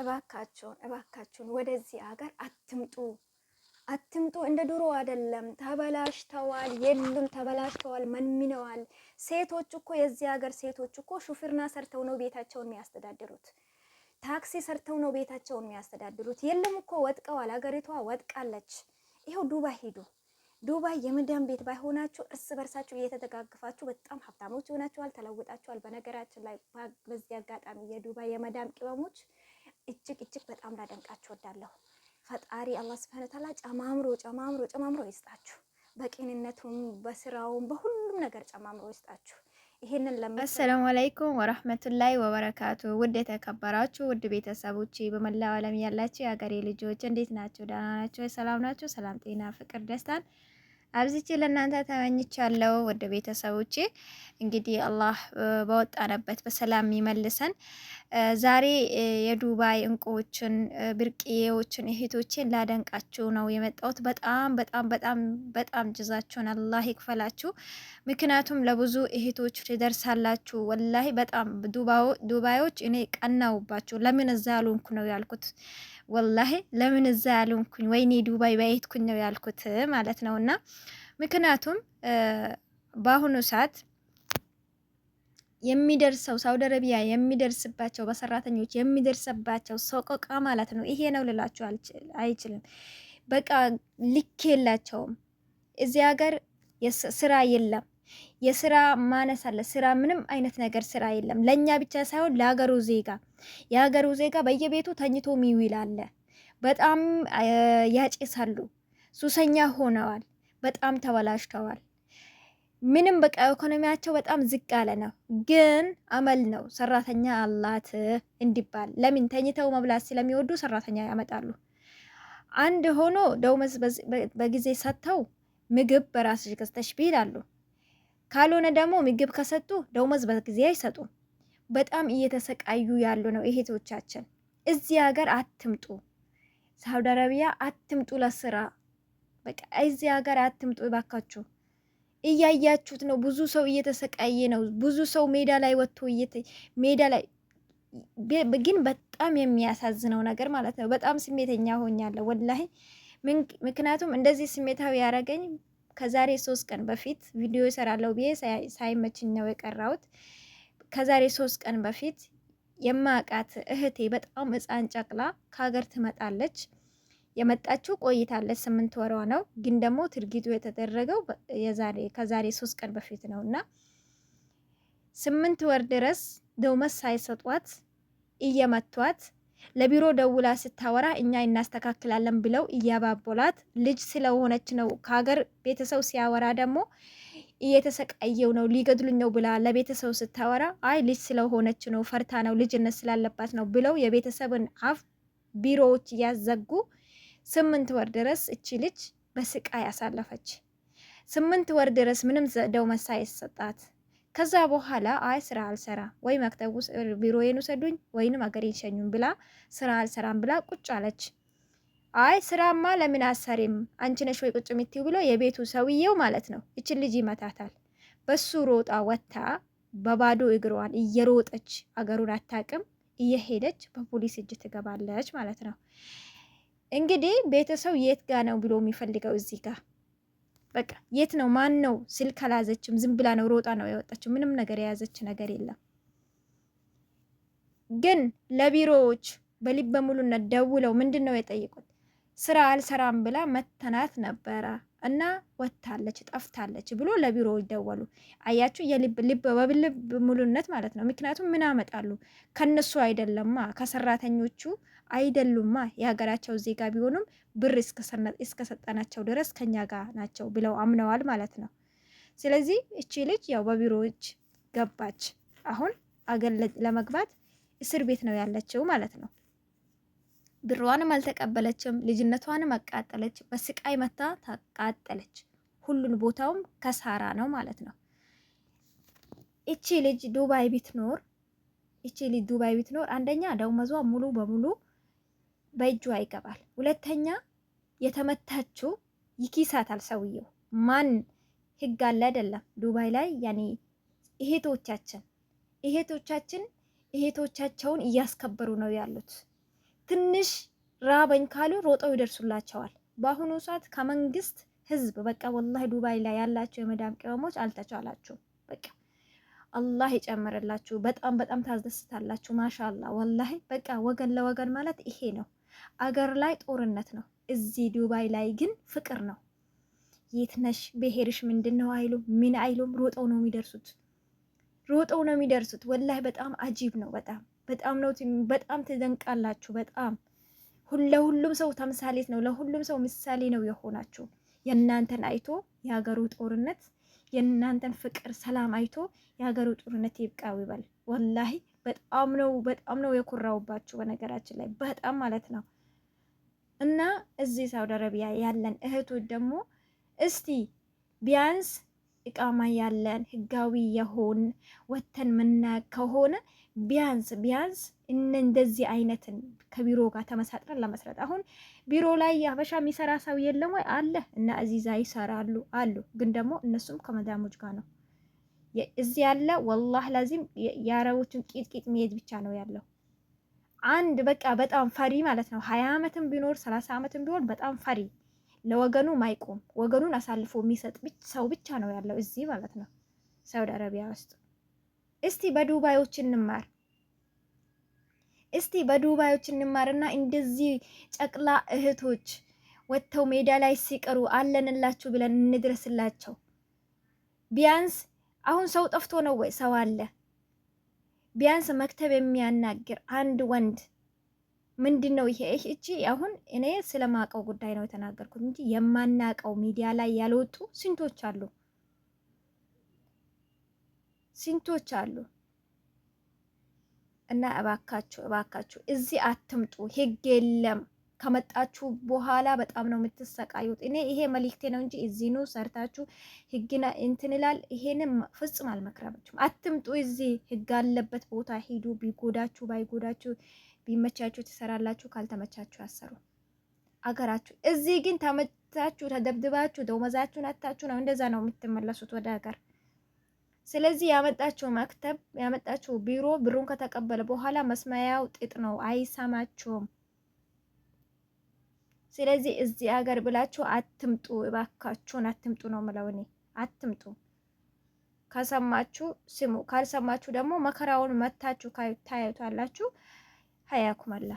እባካችሁን እባካችሁን ወደዚህ ሀገር አትምጡ አትምጡ። እንደ ድሮ አይደለም፣ ተበላሽተዋል። የሉም ተበላሽተዋል፣ መንሚነዋል። ሴቶች እኮ የዚህ ሀገር ሴቶች እኮ ሹፍርና ሰርተው ነው ቤታቸውን የሚያስተዳድሩት። ታክሲ ሰርተው ነው ቤታቸውን የሚያስተዳድሩት። የለም እኮ ወጥቀዋል፣ ሀገሪቷ ወጥቃለች ይኸው ዱባይ ሂዱ። ዱባይ የምዳም ቤት ባይሆናችሁ እርስ በርሳችሁ እየተደጋግፋችሁ በጣም ሀብታሞች ይሆናችኋል፣ ተለውጣችኋል። በነገራችን ላይ በዚህ አጋጣሚ የዱባይ የመዳም ቅመሞች እጅግ እጅግ በጣም ላደንቃችሁ ወዳለሁ። ፈጣሪ አላህ ስብሐነ ተዓላ ጨማምሮ ጨማምሮ ጨማምሮ ይስጣችሁ። በቂንነቱም በስራውም በሁሉም ነገር ጨማምሮ ይስጣችሁ። ይሄንን ለምን አሰላሙ አለይኩም ወራህመቱላሂ ወበረካቱ። ውድ የተከበራችሁ ውድ ቤተሰቦች በመላው ዓለም ያላችሁ የሀገሬ ልጆች እንዴት ናችሁ? ደህና ሰላም ናችሁ? ሰላም ጤና፣ ፍቅር፣ ደስታን አብዝቼ ለእናንተ ተመኝቻለሁ። ወደ ቤተሰቦቼ እንግዲህ አላህ በወጣንበት በሰላም ይመልሰን። ዛሬ የዱባይ እንቁዎችን ብርቅዬዎችን እህቶችን ላደንቃችሁ ነው የመጣሁት። በጣም በጣም በጣም በጣም ጅዛችሁን አላህ ይክፈላችሁ። ምክንያቱም ለብዙ እህቶች ትደርሳላችሁ። ወላሂ በጣም ዱባዮች እኔ ቀናውባችሁ። ለምን እዛ ያሉንኩ ነው ያልኩት ወላሂ ለምን እዛ ያልሆንኩኝ ወይኔ ዱባይ ባየትኩኝ ነው ያልኩት ማለት ነው። እና ምክንያቱም በአሁኑ ሰዓት የሚደርሰው ሳውዲ አረቢያ የሚደርስባቸው በሰራተኞች የሚደርስባቸው ሰቆቃ ማለት ነው ይሄ ነው ልላችሁ አይችልም። በቃ ልክ የላቸውም። እዚህ ሀገር ስራ የለም። የስራ ማነስ አለ። ስራ ምንም አይነት ነገር ስራ የለም። ለእኛ ብቻ ሳይሆን ለሀገሩ ዜጋ የሀገሩ ዜጋ በየቤቱ ተኝቶ ሚውል አለ። በጣም ያጨሳሉ፣ ሱሰኛ ሆነዋል፣ በጣም ተበላሽተዋል። ምንም በቃ ኢኮኖሚያቸው በጣም ዝቅ ያለ ነው። ግን አመል ነው ሰራተኛ አላት እንዲባል ለምን ተኝተው መብላት ስለሚወዱ ሰራተኛ ያመጣሉ። አንድ ሆኖ ደሞዝ በጊዜ ሰጥተው ምግብ በራስሽ ገዝተሽ ቢላሉ ካልሆነ ደግሞ ምግብ ከሰጡ ደውመዝ በጊዜ አይሰጡም። በጣም እየተሰቃዩ ያሉ ነው እህቶቻችን። እዚህ ሀገር አትምጡ፣ ሳውዲ አረቢያ አትምጡ ለስራ በቃ እዚህ ሀገር አትምጡ ባካችሁ። እያያችሁት ነው፣ ብዙ ሰው እየተሰቃየ ነው። ብዙ ሰው ሜዳ ላይ ወጥቶ ሜዳ ላይ ግን በጣም የሚያሳዝነው ነገር ማለት ነው። በጣም ስሜተኛ ሆኛለሁ ወላሂ። ምክንያቱም እንደዚህ ስሜታዊ ያደረገኝ ከዛሬ ሶስት ቀን በፊት ቪዲዮ ይሰራለው ብዬ ሳይመችኝ ነው የቀራሁት። ከዛሬ ሶስት ቀን በፊት የማቃት እህቴ በጣም ህፃን ጨቅላ ከሀገር ትመጣለች። የመጣችው ቆይታለች፣ ስምንት ወሯ ነው። ግን ደግሞ ትርጊቱ የተደረገው ከዛሬ ሶስት ቀን በፊት ነው እና ስምንት ወር ድረስ ደውመት ሳይሰጧት እየመቷት ለቢሮ ደውላ ስታወራ እኛ እናስተካክላለን ብለው እያባቦላት፣ ልጅ ስለሆነች ነው። ከሀገር ቤተሰብ ሲያወራ ደግሞ እየተሰቃየው ነው ሊገድሉኝ ነው ብላ ለቤተሰብ ስታወራ፣ አይ ልጅ ስለሆነች ነው፣ ፈርታ ነው፣ ልጅነት ስላለባት ነው ብለው የቤተሰብን አፍ ቢሮዎች እያዘጉ ስምንት ወር ድረስ እቺ ልጅ በስቃይ አሳለፈች። ስምንት ወር ድረስ ምንም ዘደው መሳይ ሰጣት። ከዛ በኋላ አይ ስራ አልሰራ ወይ መክተብ ውስጥ ቢሮዬን ውሰዱኝ ወይንም አገሬን ሸኙኝ ብላ ስራ አልሰራም ብላ ቁጭ አለች። አይ ስራማ ለምን አሰሪም አንቺ ነሽ ወይ ቁጭ የምትይው ብሎ የቤቱ ሰውዬው ማለት ነው ይችን ልጅ ይመታታል። በሱ ሮጣ ወጥታ በባዶ እግሯን እየሮጠች አገሩን አታቅም እየሄደች በፖሊስ እጅ ትገባለች ማለት ነው። እንግዲህ ቤተሰብ የት ጋ ነው ብሎ የሚፈልገው እዚህ ጋር በቃ የት ነው ማን ነው ስልክ አላያዘችም። ዝም ብላ ነው ሮጣ ነው ያወጣችው። ምንም ነገር የያዘች ነገር የለም። ግን ለቢሮዎች በልበ ሙሉነት ደውለው ምንድን ነው የጠየቁት? ስራ አልሰራም ብላ መተናት ነበረ። እና ወታለች ጠፍታለች ብሎ ለቢሮ ይደወሉ። አያችሁ፣ የልብ ልብ በልብ ሙሉነት ማለት ነው። ምክንያቱም ምን አመጣሉ? ከነሱ አይደለማ ከሰራተኞቹ አይደሉማ። የሀገራቸው ዜጋ ቢሆኑም ብር እስከሰጠናቸው ድረስ ከኛ ጋር ናቸው ብለው አምነዋል ማለት ነው። ስለዚህ እቺ ልጅ ያው በቢሮዎች ገባች። አሁን አገር ለመግባት እስር ቤት ነው ያለችው ማለት ነው። ብሯንም አልተቀበለችም። ልጅነቷንም አቃጠለች። በስቃይ መታ ታቃጠለች። ሁሉን ቦታውም ከሳራ ነው ማለት ነው። እቺ ልጅ ዱባይ ብትኖር እቺ ልጅ ዱባይ ብትኖር አንደኛ ደሞዟ ሙሉ በሙሉ በእጇ ይገባል። ሁለተኛ የተመታችው ይኪሳታል ሰውየው። ማን ህግ አለ አይደለም ዱባይ ላይ ያኔ እህቶቻችን እህቶቻችን እህቶቻቸውን እያስከበሩ ነው ያሉት። ትንሽ ራበኝ ካሉ ሮጠው ይደርሱላቸዋል። በአሁኑ ሰዓት ከመንግስት ህዝብ በቃ ወላሂ ዱባይ ላይ ያላቸው የመዳም ቅመሞች አልተቻላችሁም። በቃ አላህ ይጨምርላችሁ። በጣም በጣም ታስደስታላችሁ። ማሻላ ወላሂ በቃ ወገን ለወገን ማለት ይሄ ነው። አገር ላይ ጦርነት ነው፣ እዚህ ዱባይ ላይ ግን ፍቅር ነው። የት ነሽ ብሄርሽ ምንድን ነው አይሉም፣ ምን አይሉም። ሮጠው ነው የሚደርሱት፣ ሮጠው ነው የሚደርሱት። ወላሂ በጣም አጂብ ነው በጣም በጣም ነው በጣም ትደንቃላችሁ። በጣም ለሁሉም ሰው ተምሳሌት ነው፣ ለሁሉም ሰው ምሳሌ ነው የሆናችሁ። የእናንተን አይቶ የሀገሩ ጦርነት የእናንተን ፍቅር ሰላም አይቶ የሀገሩ ጦርነት ይብቃው ይበል። ወላሂ በጣም ነው በጣም ነው የኮራውባችሁ። በነገራችን ላይ በጣም ማለት ነው እና እዚህ ሳውዲ አረቢያ ያለን እህቶች ደግሞ እስቲ ቢያንስ እቃማ ያለን ህጋዊ የሆን ወተን ምና ከሆነ ቢያንስ ቢያንስ እንደዚህ አይነትን ከቢሮ ጋር ተመሳጥረን ለመስረት አሁን ቢሮ ላይ የሀበሻ የሚሰራ ሰው የለም ወይ? አለ እና እዚዛ ይሰራሉ አሉ። ግን ደግሞ እነሱም ከመዳሞች ጋር ነው። እዚህ ያለ ወላህ ላዚም የአረቦችን ቂጥቂጥ መሄድ ብቻ ነው ያለው። አንድ በቃ በጣም ፈሪ ማለት ነው። ሀያ አመትም ቢኖር ሰላሳ አመትም ቢሆን በጣም ፈሪ ለወገኑ ማይቆም ወገኑን አሳልፎ የሚሰጥ ሰው ብቻ ነው ያለው እዚህ ማለት ነው ሳውዲ አረቢያ ውስጥ። እስቲ በዱባዮች እንማር፣ እስቲ በዱባዮች እንማርና እንደዚህ ጨቅላ እህቶች ወጥተው ሜዳ ላይ ሲቀሩ አለንላችሁ ብለን እንድረስላቸው። ቢያንስ አሁን ሰው ጠፍቶ ነው ወይ? ሰው አለ። ቢያንስ መክተብ የሚያናግር አንድ ወንድ ምንድን ነው ይሄ? እቺ አሁን እኔ ስለማቀው ጉዳይ ነው የተናገርኩት እንጂ የማናቀው ሚዲያ ላይ ያልወጡ ስንቶች አሉ፣ ስንቶች አሉ። እና እባካችሁ እባካችሁ እዚህ አትምጡ፣ ህግ የለም። ከመጣችሁ በኋላ በጣም ነው የምትሰቃዩት። እኔ ይሄ መልእክቴ ነው እንጂ እዚ ሰርታችሁ ህግና እንትን ይላል። ይሄንም ፍጹም አልመክራችሁም። አትምጡ እዚህ ህግ አለበት ቦታ ሂዱ። ቢጎዳችሁ ባይጎዳችሁ ቢመቻችሁ ትሰራላችሁ፣ ካልተመቻችሁ አሰሩ አገራችሁ። እዚህ ግን ተመታችሁ፣ ተደብድባችሁ፣ ደሞዛችሁን አታችሁ ነው እንደዛ ነው የምትመለሱት ወደ ሀገር። ስለዚህ ያመጣችሁ መክተብ ያመጣችሁ ቢሮ ብሩን ከተቀበለ በኋላ መስማያው ጥጥ ነው፣ አይሰማችሁም። ስለዚህ እዚህ ሀገር ብላችሁ አትምጡ፣ እባካችሁን አትምጡ ነው የምለው እኔ። አትምጡ ከሰማችሁ ስሙ፣ ካልሰማችሁ ደግሞ መከራውን መታችሁ ታዩታላችሁ። ሀያኩም አላ